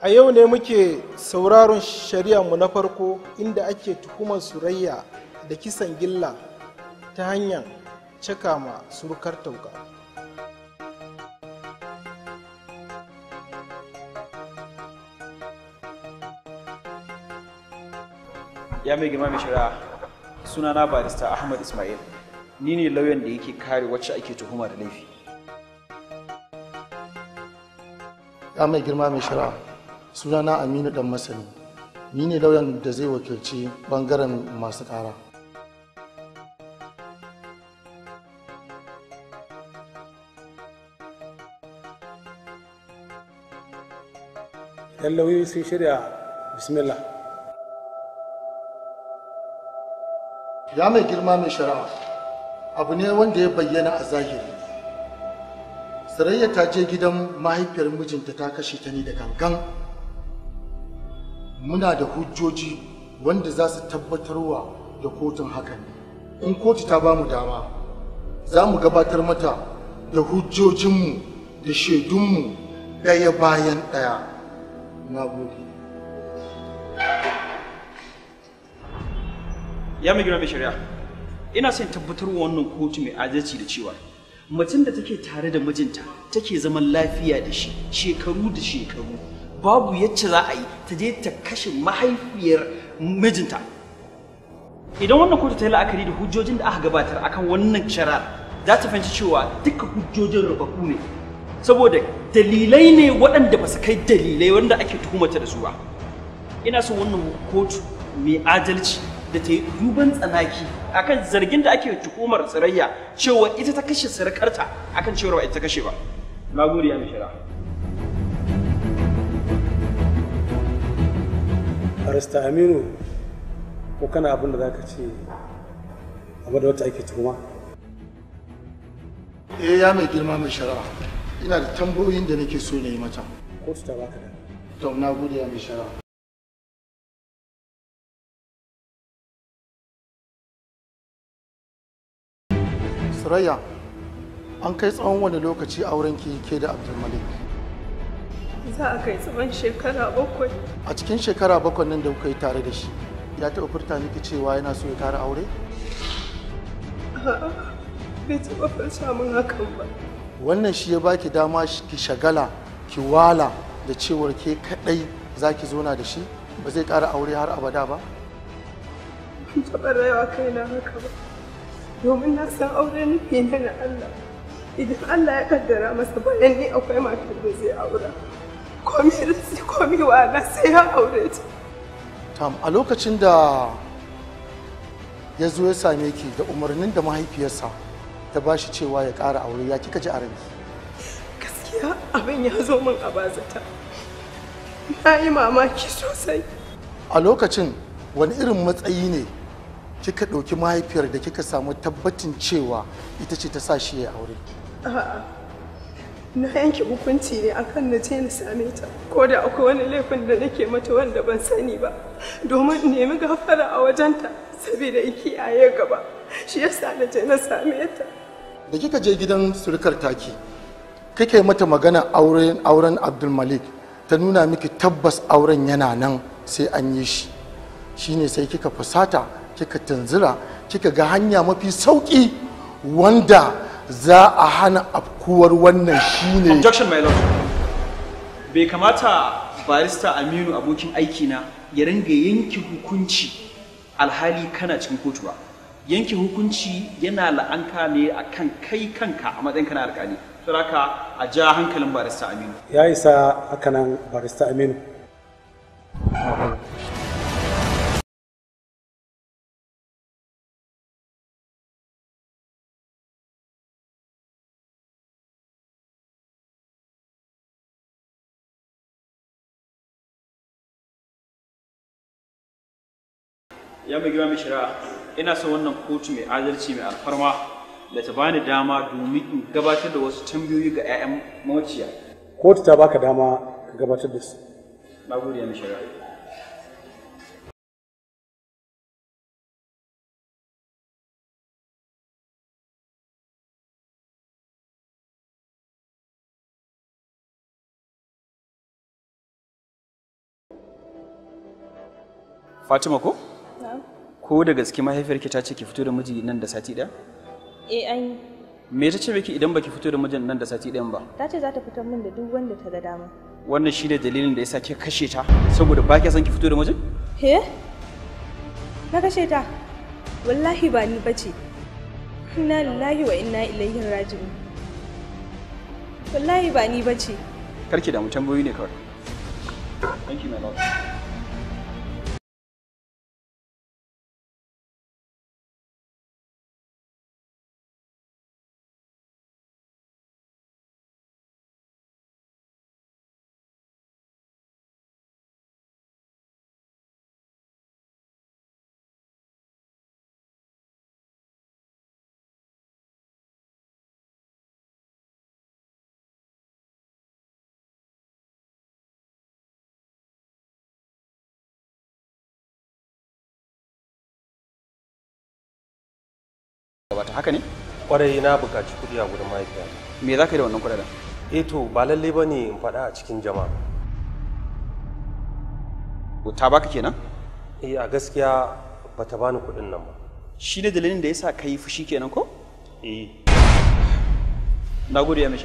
a yau ne muke sauraron mu na farko inda ake tuhumar surayya da kisan gilla ta hanyar caka ma surukar tauka ya mai girma mai shari'a sunana barista ahmad ismail ni ne lauyan da yake kare wacce ake tuhuma da laifi ya mai girma mai shari'a sunana aminu dan masani ni ne lauyan da zai wakilci bangaren masu kara yallawi sun shirya bismillah ya mai girma mai shari'a abu ne wanda ya bayyana a zahiri sarayya ta je gidan mahaifiyar mijinta ta kashe ta ne da gangan muna da hujjoji wanda za su tabbatarwa da kotun hakan in kotu ta ba mu dama za mu gabatar mata da hujjojinmu da shaidunmu ɗaya bayan ɗaya na gode ya mai gina shari'a ina son tabbatarwa wannan kotu mai adalci da cewa mutum da take tare da mijinta take zaman lafiya da shi shekaru da shekaru babu yacce za a yi ta je ta kashe mahaifiyar mijinta idan wannan kotu ta yi la'akari da hujjojin da aka gabatar akan wannan sharar, za ta fahimci cewa duka hujjojin rubaku ne saboda dalilai ne waɗanda ba su kai dalilai wanda ake tuhumata da su ba ina so wannan kotu mai adalci da ta yi duban tsanaki akan zargin da ake tuhumar tsirayya cewa ita ta kashe sarakarta akan cewa ba ita ta kashe ba na gode ya mishira. barista aminu ko kana abin da za ka ce game da wata ake tuhuma eh ya mai girma mai shara'a ina da tambayoyin da nake so na yi mata ko ta baka da to na gode ya mai shara'a Suraya, an kai tsawon wani lokaci auren ki ke da Abdulmalik? za a kai tsawon shekara bakwai a cikin shekara bakwai nan da kuka yi tare da shi ya taɓa furta miki cewa yana so ya ƙara aure a'a bai taɓa furta min hakan ba wannan shi ya baki dama ki shagala ki wala da cewar ke kaɗai za ki zo na da shi ba zai ƙara aure har abada ba ban taɓa rayuwa kaina haka ba domin na san aure nufi na Allah idan Allah ya kaddara masa bayan ni akwai matar da zai aura komi rinsi komi sai ya aure ta a lokacin da ya zo ya same ki da umarnin da mahaifiyarsa ta ba shi cewa ya ƙara aure ya kika ji a ranki gaskiya abin ya zo min a bazata na yi mamaki sosai a lokacin wani irin matsayi ne kika ɗauki mahaifiyar da kika samu tabbacin cewa ita ce ta sa shi ya aure a'a na yanke hukunci ne akan na je na same ta ko da akwai wani laifin da nake mata wanda ban sani ba domin nemi gafara a wajenta saboda in kiyaye gaba shi yasa na je na same ta da kika je gidan surukar taki yi mata magana auren auren malik ta nuna miki tabbas auren yana nan sai an yi shi shine sai kika fusata kika tunzura kika ga hanya mafi sauki wanda za a hana afkuwar wannan shine objection my lord bai kamata barista aminu abokin aikina ya ringa yanke hukunci alhali kana cikin kotu ba yanke hukunci yana la'anka ne a kan kai kanka a matsayin kana alkali saraka a ja hankalin barista aminu ya isa hakanan barista aminu ya mai girma mai shari'a ina son wannan kotu mai adalci mai alfarma da ta bani dama domin in gabatar da wasu tambayoyi ga 'ya'yan mawuciya kotu ta baka dama ka gabatar da su na gode mai shari'a Fatima ko? ko da gaske mahaifiyarki ta ce ki fito da miji nan da sati ɗaya? eh an me ta ce miki idan baki fito da mijin nan da sati ɗayan ba ta ce za ta fito min da duk wanda ta ga dama wannan shi ne dalilin da ya sa ke kashe ta saboda ba ki son ki fito da mijin he na kashe ta wallahi ba ni bace inna lillahi wa inna ilaihi raji'un wallahi ba ni bace karki da mu tambayoyi ne kawai thank you my lord gabata haka ne kwarai na buƙaci kuɗi a gudun mahaifiya me za ka yi da wannan kuɗaɗen eh to ba lalle ba ne in faɗa a cikin jama'a ta baka kenan eh a gaskiya ba ta bani kuɗin nan ba shi ne dalilin da sa ka yi fushi kenan ko eh na gode ya mai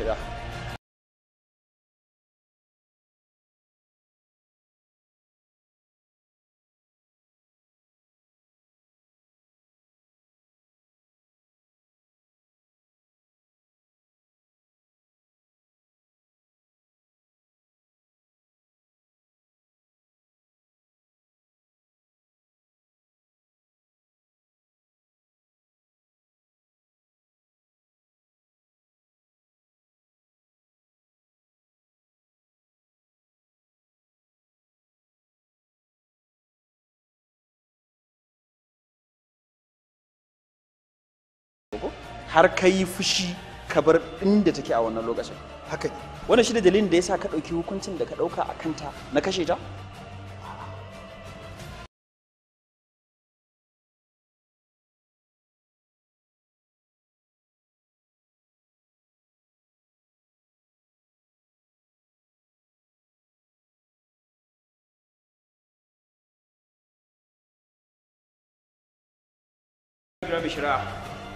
har ka yi fushi ka bar inda take a wannan lokacin haka ne wannan shi da dalilin da yasa ka ɗauki hukuncin da ka ɗauka a kanta na kashe ta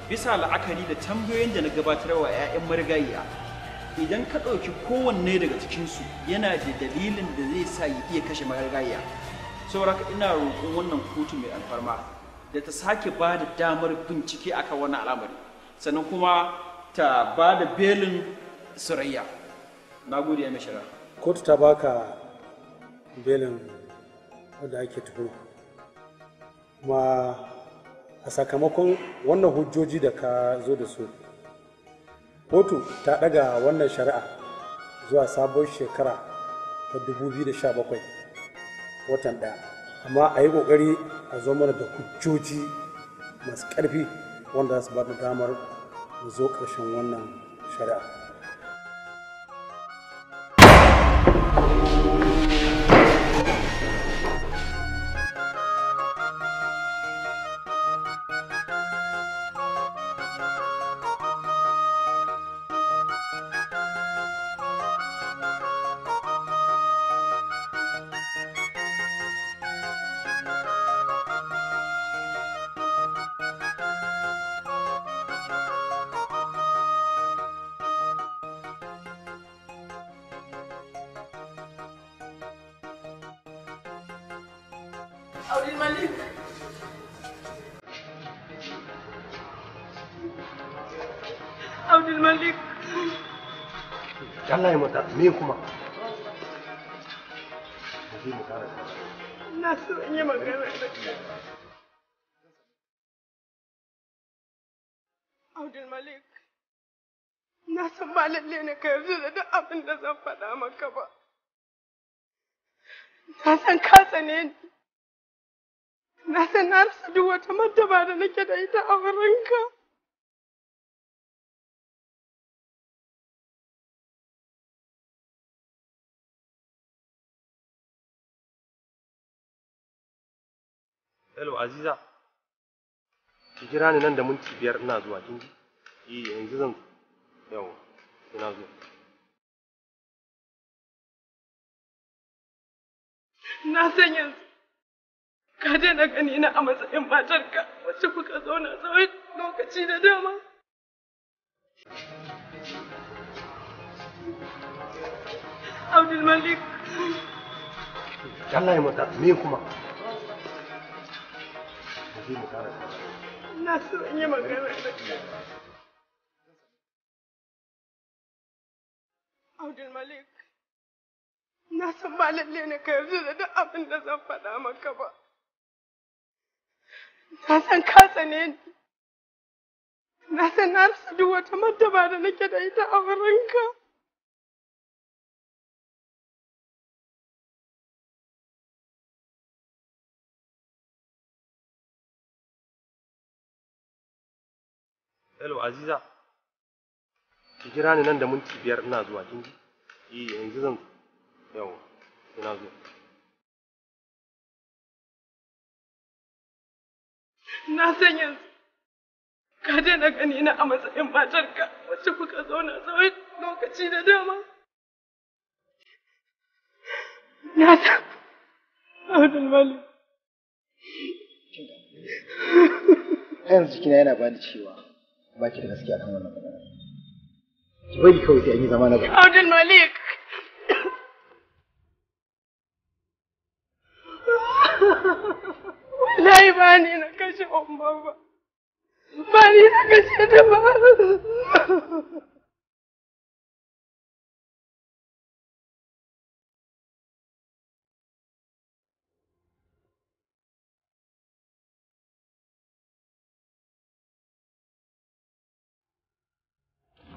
bisa la'akari da tambayoyin da na gabatar wa 'ya'yan marigayya idan ka ɗauki kowanne daga cikinsu yana da dalilin da zai sa ya iya kashe marigayiya saboda ina roƙon wannan kotu mai alfarma da ta sake ba da damar bincike akan wannan al'amari sannan kuma ta ba da belin surayya na gode ya mishira kotu ta baka belin wanda ake tuhu kuma a sakamakon wannan hujjoji da ka zo da su kotu ta daga wannan shari'a zuwa sabon shekara ta 2017 watan daya amma a yi kokari a zo mana da hujjoji masu karfi wanda za su ba da damar zo ƙarshen wannan shari'a Aure Malik. Abdul Malik. Allah ya mata me kuma? Na so in yi magana da Abdul Malik. Na san ba lalle ne ka yarda da duk abin da zan faɗa maka ba. da ba da nake da ita a wurinka. Hello Aziza. Ki jira ni nan da minti biyar ina zuwa kin ji? Eh yanzu zan yawa ina zuwa. Na san yanzu ka daina gani na a matsayin matarka wacce kuka zauna tsawon lokaci da dama Abdul Malik. Allah ya mata me kuma? Na so in yi magana da Abdul Malik. na san ba lalle ne ka yarda da duk abin da zan faɗa maka ba. Na san ka tsane Na san na rasa duk wata martaba da nake da ita a wurinka. Hello Aziza. Ki kira ni nan da minti biyar ina zuwa kin ji? Eh yanzu zan yawa ina zuwa. Na san yanzu ka daina gani na a matsayin matarka wacce kuka zauna tsawon lokaci da dama. Na san Abdul Malik. A yanzu jikina yana bani cewa ba ki da gaskiya kan wannan magana. Ki bari kawai sai an yi zama na gaba. Abdul Malik. Wallahi ba ni na kashe umma ba. Ba ni na kashe ta ba.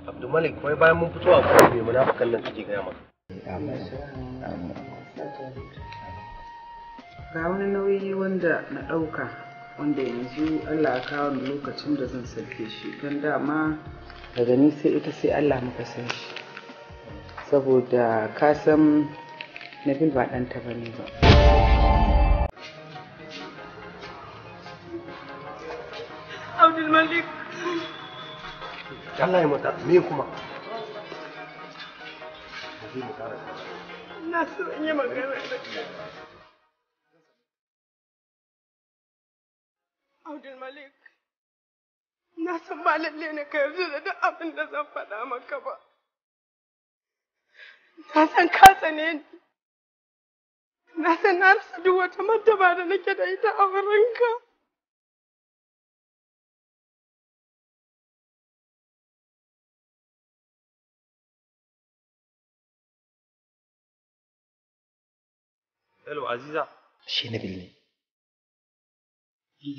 Abdulmalik kawai bayan mun fito a kuma mai munafukan nan kake gaya maka. Ga wani nauyi wanda na ɗauka wanda yanzu allah ya kawo ni lokacin da zan sauke shi don dama daga ni sai ita sai allah muka san shi saboda ka san nabil ba ɗanta ba ne ba abdulmalik allah ya mata me kuma na so in yi magana Abdul Malik, na san ba lalle ne ka yarda da duk abin da zan faɗa maka ba. Na san ka tsane ni. Na san na rasa duk wata martaba da nake da ita a wurinka. Hello, Aziza. Shi na ne. Ya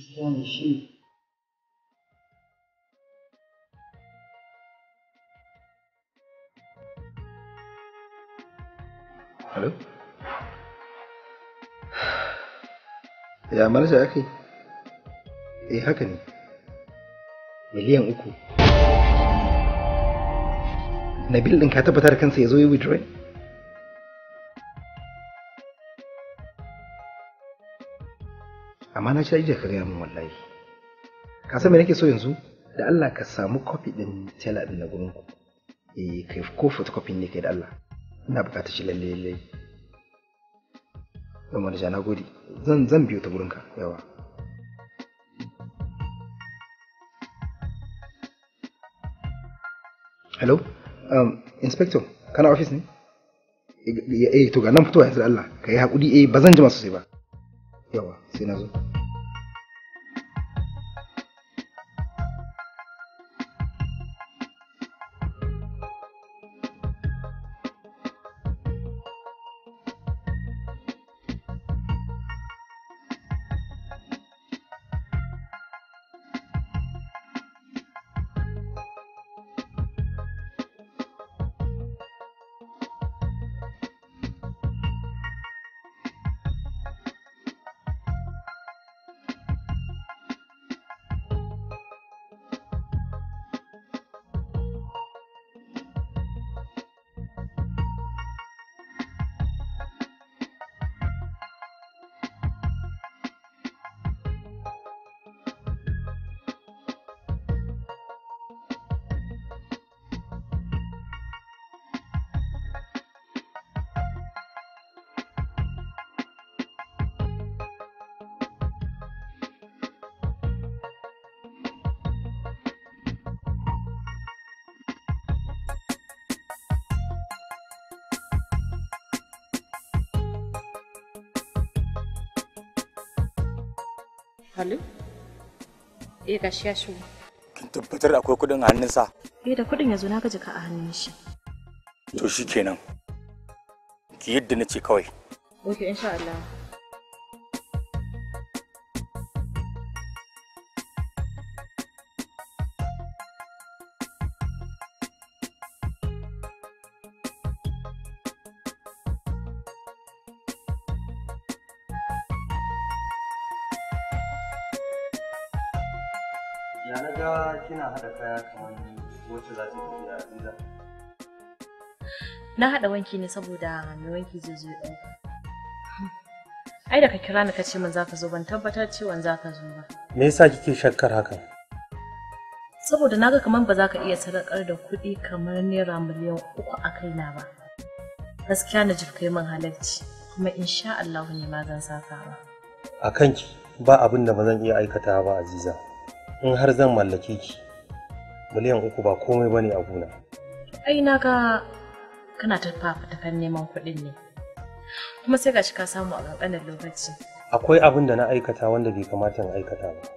marja ake? Eh haka ne. Miliyan uku. Nabil ɗin ka tabbatar kansa ya zo yi withdrawing? amma na ci da kare min wallahi ka san me nake so yanzu da Allah ka samu kofi din tela din na gurin ku eh kai ko photocopy ne kai da Allah ina bukatar shi lalle lalle kuma wani jana gode zan zan biyo ta gurin ka yawa hello um, inspector kana office ne eh, eh to ga nan fitowa yanzu Allah kai hakuri eh ba zan masu sosai ba yawa sai na zo Halu? Eh gashi ya shigo. Kin tabbatar akwai kuɗin a hannunsa? Eh da kuɗin yanzu na ga jaka a hannun shi. To shikenan. Ki yadda nace kawai. Okay insha Allah. na haɗa wanki ne saboda mai wanki zai zo ɗauka ai da ka kira ni ka ce min zaka zo ban tabbatar cewa zaka zo ba me yasa kike shakkar hakan saboda naga kamar ba za ka iya sadakar da kuɗi kamar naira miliyan uku a kaina ba gaskiya na ji kai min halarci kuma insha Allah ne ma zan saka ba a kanki ba abin da ba zan iya aikata ba aziza in har zan mallake ki miliyan uku ba komai bane a gona ai naga kana ta fafatakan neman kuɗin ne kuma sai gashi ka samu a ƙanƙanin lokaci akwai abin da na aikata wanda bai kamata in aikata ba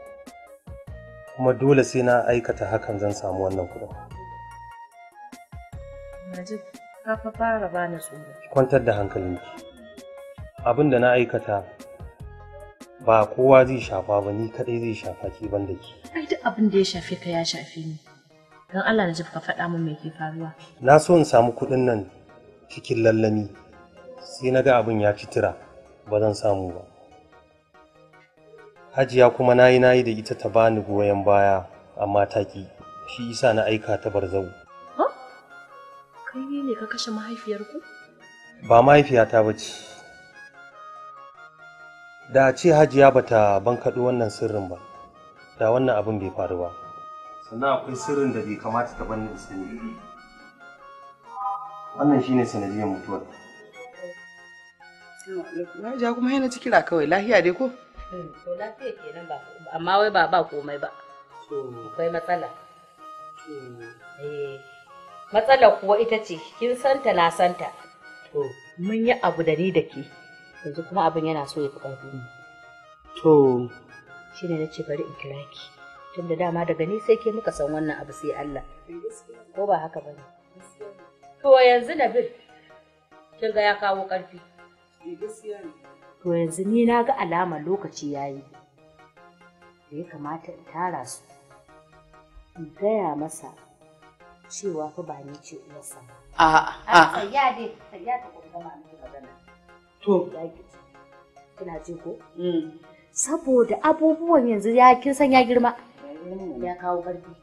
kuma dole sai na aikata hakan zan samu wannan kuɗin Majid ka fa fara bani tsoro kwantar da hankalinki abin da na aikata ba kowa zai shafa ba ni kaɗai zai shafa ki banda ki ai duk abin da ya shafe ka ya shafe ni Don Allah Najib ka faɗa min me ke faruwa. Na so in samu kuɗin nan cikin lallami sai na ga abin ya ci tira ba zan samu ba. Hajiya kuma na yi na da ita ta bani goyon baya amma ta ki shi isa na aika ta barzau. Ha? Kai ne ka kashe mahaifiyarku? Ba mahaifiyata ba ce. Da a ce hajiya bata bankaɗo wannan sirrin ba, da wannan abin bai faru ba. sannan akwai sirrin da bai kamata ta bannin sani wannan shine sanadiyar mutuwar na ja kuma yana ci kawai lafiya dai ko hmm, to lafiya kenan ba amma wai ba ba komai ba akwai matsala eh, matsala kuwa ita ce kin santa na santa mun yi abu da ni da ke yanzu kuma abin yana so ya fi ƙarfi to shine na ce bari in kira ki tunda dama daga ni sai ke muka san wannan abu sai Allah ko ba haka ba ne to yanzu Nabil kin ga ya kawo ƙarfi to yanzu ni na ga alama lokaci yayi da ya kamata in tara su in gaya masa cewa fa ba ni ce uwarsa a a ya dai ya ta kuma miki magana to kina ji ko mm. saboda abubuwan yanzu ya kin san ya girma Mm. ya kawo barbi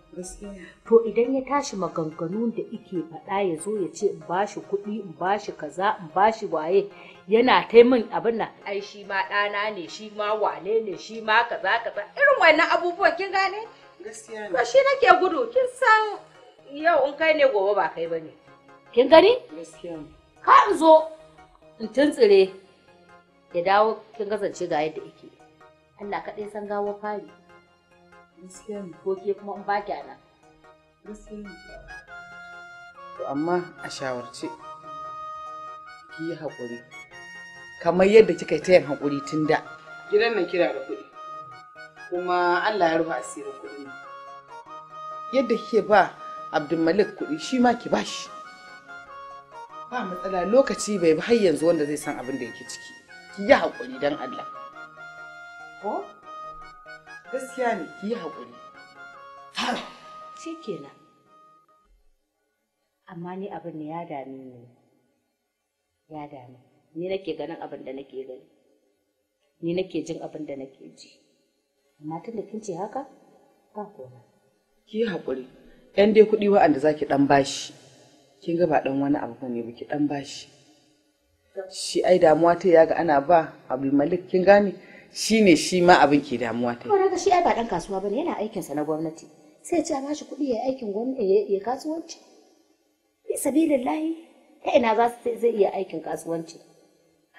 to idan ya tashi maganganun da ike faɗa ya zo ya ce ba shi kuɗi ba shi kaza ba shi waye yana ta min abin nan ai shi ma ɗana ne shi ma wane ne shi ma kaza kaza irin wannan abubuwan kin gane gaskiya ne to shi nake gudu kin san yau in kai ne gobe ba kai bane kin gani gaskiya ne ka in zo in tuntsire ya dawo kin kasance ga yadda ike Allah kaɗai san gawo fari Gaskiya ne. Ko ke kuma in ba ki ana. Gaskiya ne. To amma a shawarce ki yi haƙuri. Kamar yadda kika yi ta yin haƙuri tun da. Gidan nan kira da kuɗi. Kuma Allah ya rufe asirin kuɗi ne. Yadda kike ba Abdulmalik kuɗi shi ma ki bashi. Ba matsala lokaci bai bi har yanzu wanda zai san abin da yake ciki. Ki yi haƙuri don Allah. Ko? Gaskiya ne ki yi haƙuri. ce kenan. Amma ni abin ne ya dami ni. Ya dami. Ni nake ganin abin da nake gani. Ni nake jin abin da nake ji. Amma tun da kin ce haka, ba kona. Ki yi haƙuri. ‘Yan dai kuɗi wa'anda za ki ɗan bashi. Kin ga ba ɗan wani abu ba ne ba ki ɗan bashi. Shi ai damuwa ta ya ga ana ba abu malik kin gane. shine shi ma abin ke damuwa ta. Kuma shi ai ba dan kasuwa bane yana aikin sa na gwamnati. Sai ya ce a bashi kuɗi ya aikin gwamnati ya kasuwanci. Bi sabilillahi ta ina za su zai iya aikin kasuwanci.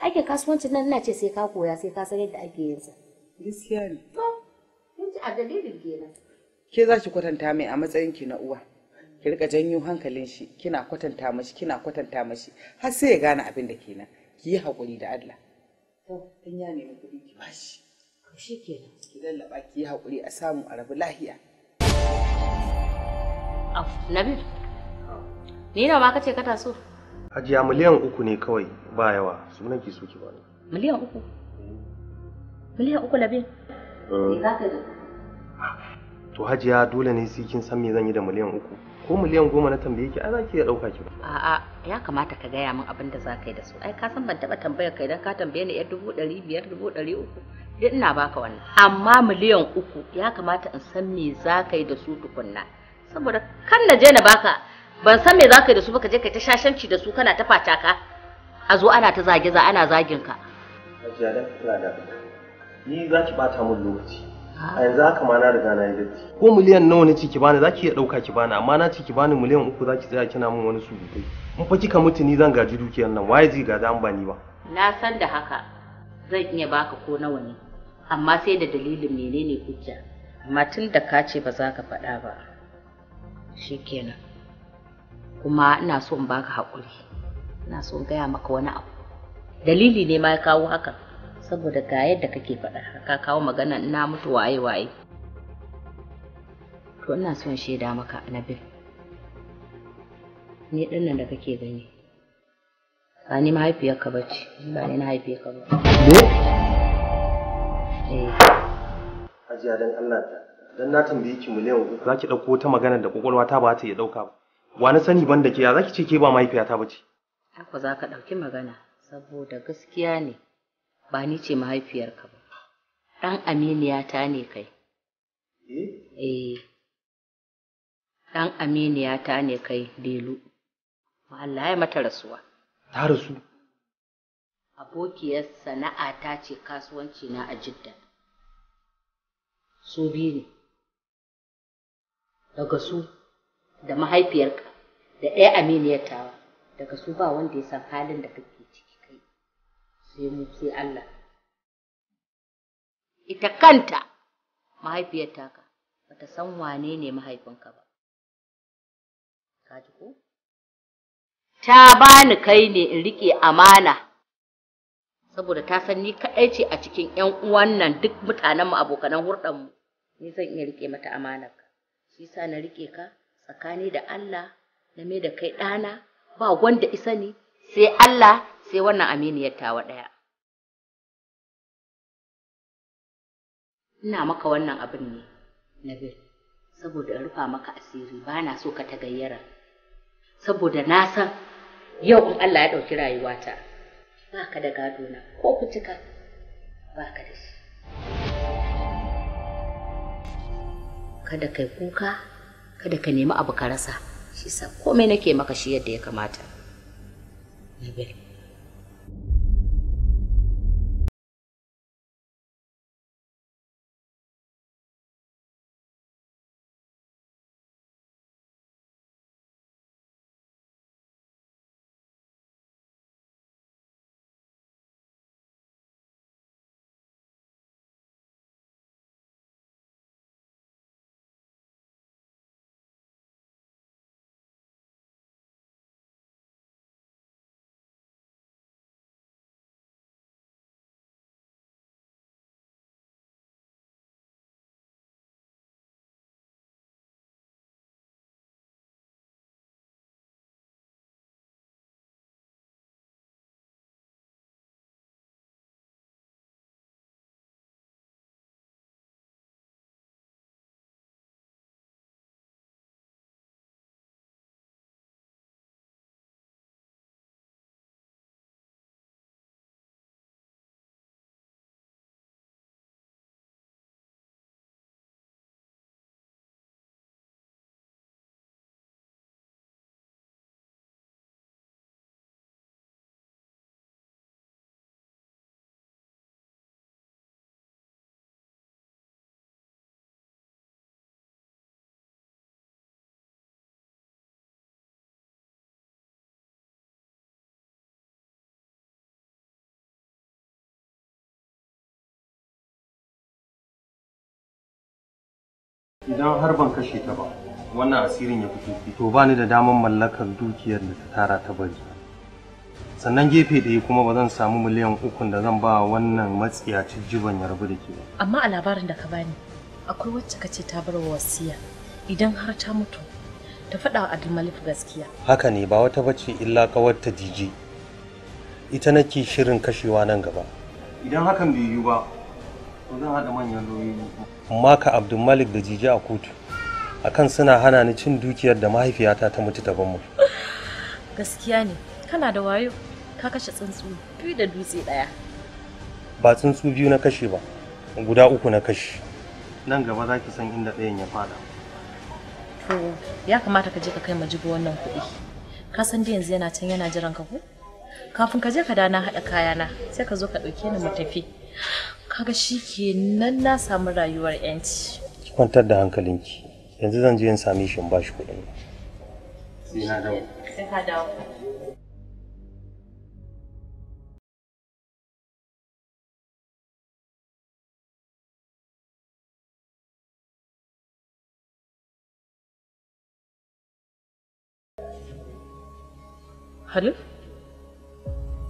Aikin kasuwanci nan ina ce sai ka koya sai ka san yadda ake yin sa. Gaskiya ne. To, mun ji a dalilin kenan. Ke za ki kwatanta mai a matsayin ki na uwa. Ki rika janyo hankalin shi kina kwatanta mashi kina kwatanta mashi har sai ya gane abin da kenan. Ki yi haƙuri da Allah. to in ya nemi kuɗi ki bashi to ki ki yi a samu a rabu lahiya Nabil. Ni nawa so? Hajiya miliyan uku ne kawai ba yawa sunan ki so ki bani. Miliyan uku? Miliyan uku Nabil? Eh. Me za ka yi da To Hajiya dole ne sai kin san me zan yi da miliyan uku. ko miliyan goma na tambaye ki ai za ki iya ki ba. A'a ya kamata ka gaya min abin da za ka yi da su ai ka san ban taɓa tambayar ka idan ka tambaye ni yar dubu ɗari biyar dubu uku duk ina baka wannan amma miliyan uku ya kamata in san me za ka yi da su tukunna saboda kan na je na baka ban san me za ka yi da su ba ka je kai ta shashanci da su kana ta ka. a zo ana ta zage za ana zagin ka. kula ni za ki bata min lokaci. a yanzu haka ma na riga na yi gaci ko miliyan nawa ne ci ki bani zaki iya dauka ki bani amma na ci ki bani miliyan uku zaki tsaya kina min wani surutai in fa kika mutu ni zan gaji dukiyar nan waye zai gaji an ba ni ba na san da haka zan iya baka ko nawa ne amma sai da dalilin menene hujja amma tun da ka ce ba za ka faɗa ba shikenan kuma ina so in baka haƙuri ina so in gaya maka wani abu dalili ne ma ya kawo hakan. saboda ga yadda kake faɗa ka kawo magana na mutu waye waye to ina son shaida maka nabil ni din nan da kake gani ba ni mahaifiyarka ba ce ba ni na haife ka ba eh ajiya dan Allah dan na tambaye ki miliyan uku ki dauko ta magana da kokolwa ta ba ta iya dauka ba Wa na sani ban da ke ya zaki ce ke ba mahaifiyata ba ce haka za ka dauki magana saboda gaskiya ne ba ni ce mahaifiyarka ba ɗan aminiyata ne kai eh, eh. ɗan aminiyata ne kai delu Allah ya mata rasuwa ta rasu abokiyar sana'a ta ce kasuwanci na a jidda su biyu ne daga su da mahaifiyarka da ɗaya aminiyar tawa daga su ba wanda ya san halin da kake sai mu sai Allah ita kanta mahaifiyar taka bata san wane ne mahaifinka ba ka ji ko ta bani kai ne in riƙe amana saboda ta san ni kaɗai ce a cikin 'yan uwan nan duk mutanen mu abokanan hurɗan mu ni zan iya rike mata amanar ka shi sa na rike ka tsakani da Allah na mai da kai ɗana ba wanda isa ni sai Allah sai wannan aminiyar tawa ɗaya. Ina maka wannan abin ne, Nabil, saboda in rufa maka asiri ba na so ka ta gayyara. Saboda na san yau in Allah ya ɗauki rayuwata, ba ka da gadona ko kutuka ba ka da shi. Kada kai kuka, kada ka nemi abu ka rasa, shi sa komai nake maka shi yadda ya kamata. Nabil. Idan har ban kashe ta ba, wannan asirin ya fito to ba ni da damar mallakar dukiyar da ta tara ta bari. Sannan gefe ɗaya kuma ba zan samu miliyan ukun da zan ba wannan matsiyaci jiban ya rabu da ke ba. Amma a labarin da ka bani, akwai wacce ka ce ta bar wasiya idan har ta mutu ta faɗa wa Abdulmalik gaskiya. Haka ne ba wata bace illa kawar ta jiji. Ita nake shirin kashewa nan gaba. Idan hakan bai yiwu ba, Maka Abdulmalik da Jiji a kotu akan suna hana ni cin dukiyar da mahaifiyata ta mutu ta banmu Gaskiya ne, kana da wayo ka kashe tsuntsu biyu da dutse ɗaya. Ba tsuntsu biyu na kashe ba, guda uku na kashe. Nan gaba za ki san inda ɗayan ya fada. To, ya kamata ka je ka kai majibu wannan kuɗi. Ka san da yanzu yana can yana jiran ka ko? Kafin ka je ka dana haɗa kayana sai ka zo ka ɗauke ni mu tafi. kaga shi ke nan na samu rayuwar yanci ki kwantar da hankalinki yanzu zan je in sami shi in ba shi kuɗin sai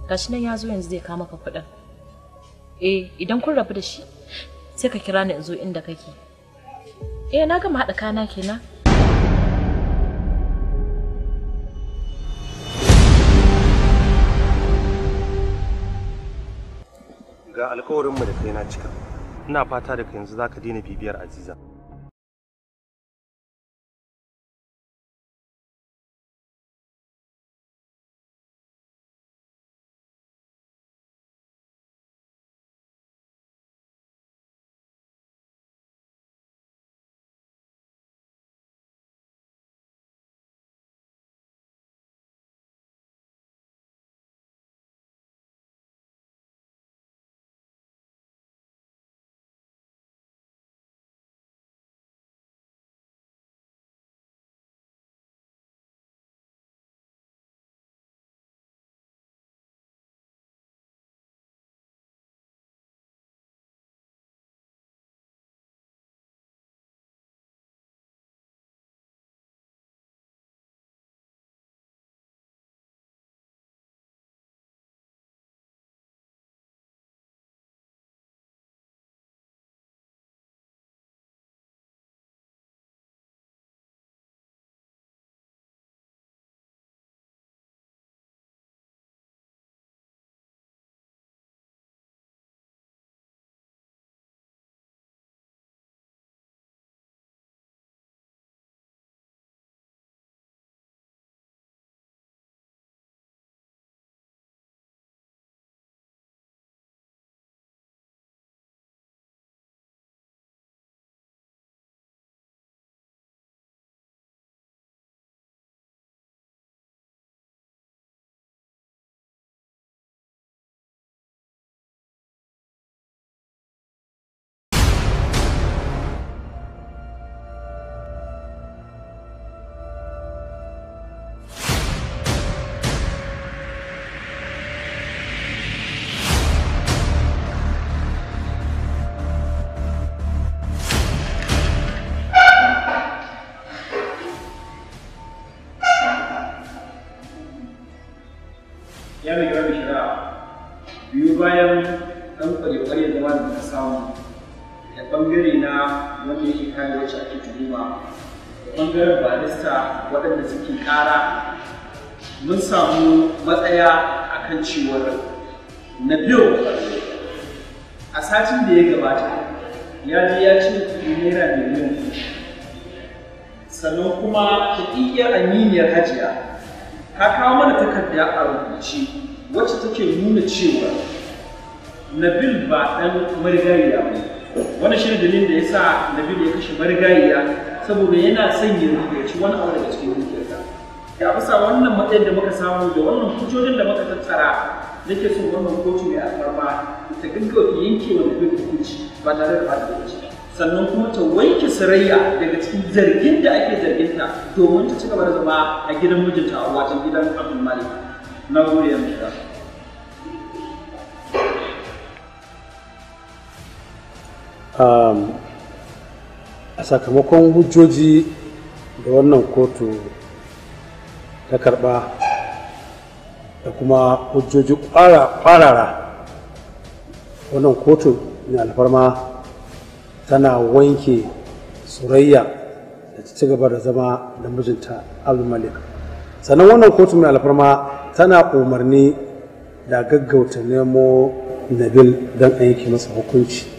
Gashi nan ya zo yanzu zai kama ka kuɗin. eh idan kun rabu da shi sai ka kira ni in zo inda kake eh na gama haɗa kana kenan ga alkawarinmu da kai na cika ina fata daga yanzu zaka daina bibiyar aziza ɓangaren barista waɗanda suke ƙara mun samu matsaya a kan ciwon na biyu a satin da ya gabata ya ji ya ce naira miliyan sannan kuma haƙiƙiyar aminiyar hajiya ta kawo mana takarda a rubuce wacce take nuna cewa nabil ba ɗan marigayya ba wani shirin da ya sa nabil ya kashe marigayya saboda yana son ya rubuci wani abu daga cikin dukiyarka ya bisa wannan matsayin da muka samu da wannan hujjojin da muka tattara nake son wannan kotu mai alfarma ta gaggawa yanke wani bin hukunci ba tare da bata lokaci sannan kuma ta wanke sarayya daga cikin zargin da ake ta, domin ta ci gaba da zama a gidan mijinta a wajen gidan abin malik na gode ya mutu Um, a sakamakon hujjoji da wannan kotu ta karba da kuma hujjoji kwarara wannan kotu mai alfarma tana wanke surayya da ta ci gaba da zama da mijinta malik sannan wannan kotu mai alfarma tana umarni da gaggauta nemo nabil don a yake masa hukunci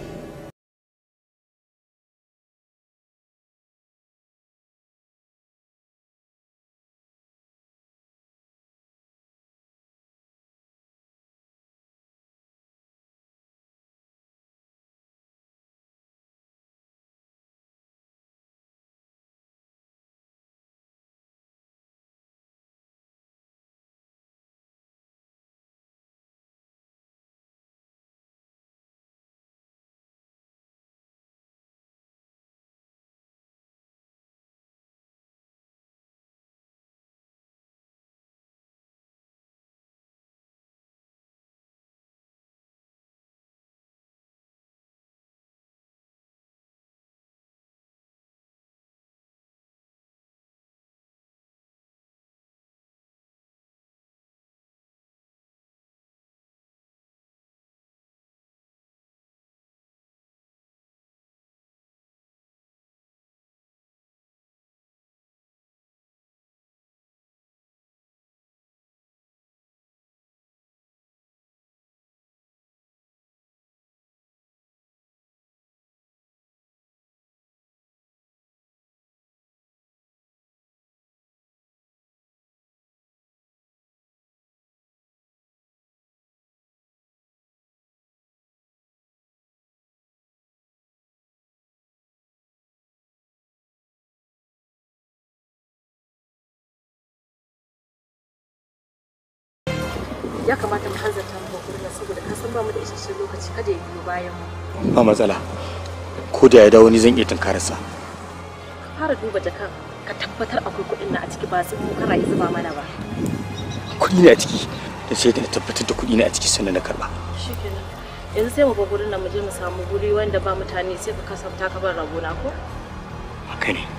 ya kamata mu hanzarta mu gurin saboda ka san ba mu da isasshen lokaci kada ya biyo bayan mu ba matsala ko da ya dawo ni zan iya tunkararsa ka fara duba jakan ka tabbatar akwai kuɗin na a ciki ba su kana yi zuba mana ba kuɗi ne a ciki da sai da na tabbatar da kuɗi ne a ciki sannan na karɓa. shikenan yanzu sai mu ga gurin nan mu je mu samu guri wanda ba mutane sai ka kasanta ka bar rabona ko haka ne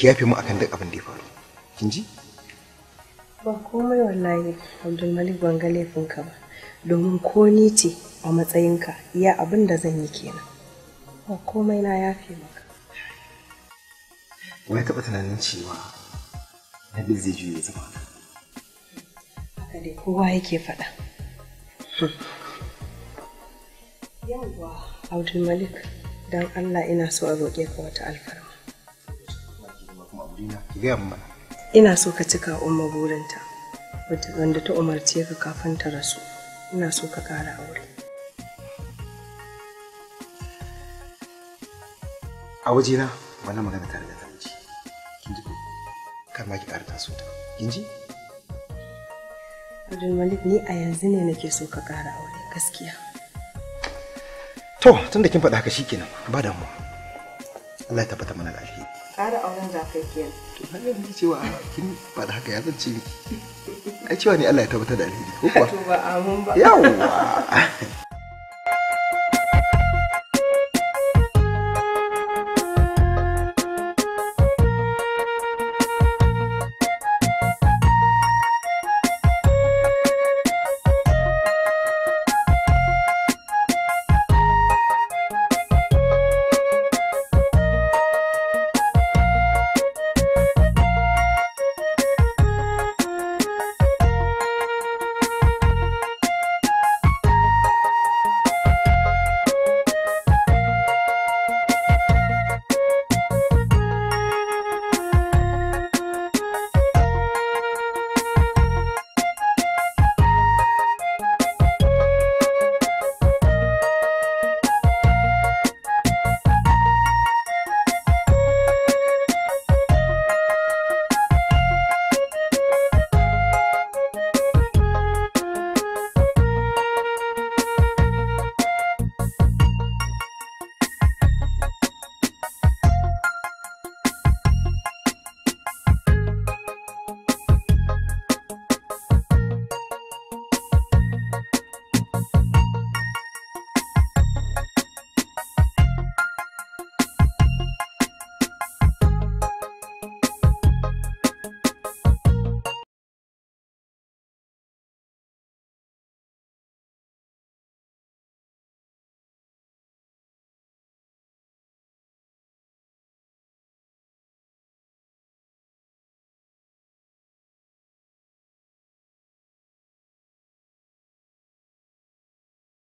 ki yafe mu akan duk abin da ya faru kin ji ba komai wallahi abdulmalik ban ga laifinka ba domin ko ni ce a matsayinka iya abin da zan yi kenan ba komai na yafe maka wai taɓa tunanin cewa nabil zai juye zama haka dai kowa yake faɗa yawwa abdulmalik don allah ina so a roƙe ka wata alfarma Madina ki gaya mana. Ina so ka cika umma burinta wanda ta umarce ka kafin ta rasu. Ina so ka kara aure. A wajena wannan magana ta riga ta wuce. Kin ji ko? Kar ma ki ƙara taso ta. Kin ji? Malik ni a yanzu ne nake so ka kara aure gaskiya. To tunda kin faɗa haka shikenan ba damuwa. Allah ya tabbata mana lafiya. halin kin faɗa haka ya zance Ai cewa ne Allah ya tabbatar da alheri ko kuwa? To